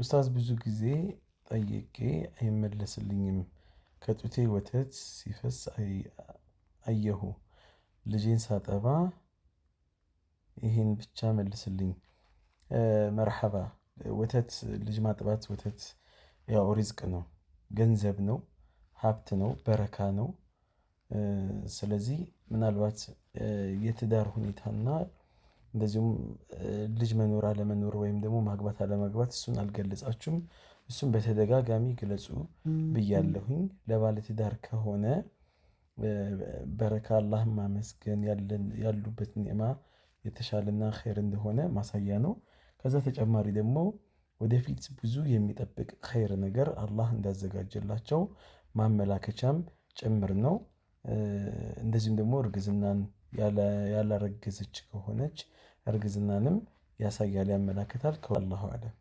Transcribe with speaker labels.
Speaker 1: ኡስታዝ ብዙ ጊዜ ጠይቄ አይመለስልኝም። ከጡቴ ወተት ሲፈስ አየሁ። ልጄን ሳጠባ ይህን ብቻ መልስልኝ። መርሐባ ወተት ልጅ ማጥባት ወተት ያው ሪዝቅ ነው፣ ገንዘብ ነው፣ ሀብት ነው፣ በረካ ነው። ስለዚህ ምናልባት የትዳር ሁኔታና እንደዚሁም ልጅ መኖር አለመኖር ወይም ደግሞ ማግባት አለማግባት እሱን አልገለጻችሁም፣ እሱን በተደጋጋሚ ግለጹ ብያለሁኝ። ለባለትዳር ከሆነ በረካ አላህ ማመስገን ያሉበት ኒዕማ የተሻለና ኸይር እንደሆነ ማሳያ ነው። ከዛ ተጨማሪ ደግሞ ወደፊት ብዙ የሚጠብቅ ኸይር ነገር አላህ እንዳዘጋጀላቸው ማመላከቻም ጭምር ነው። እንደዚሁም ደግሞ እርግዝናን ያላረገዘች ከሆነች እርግዝናንም ያሳያል፣ ያመላክታል። ከአላሁ አለም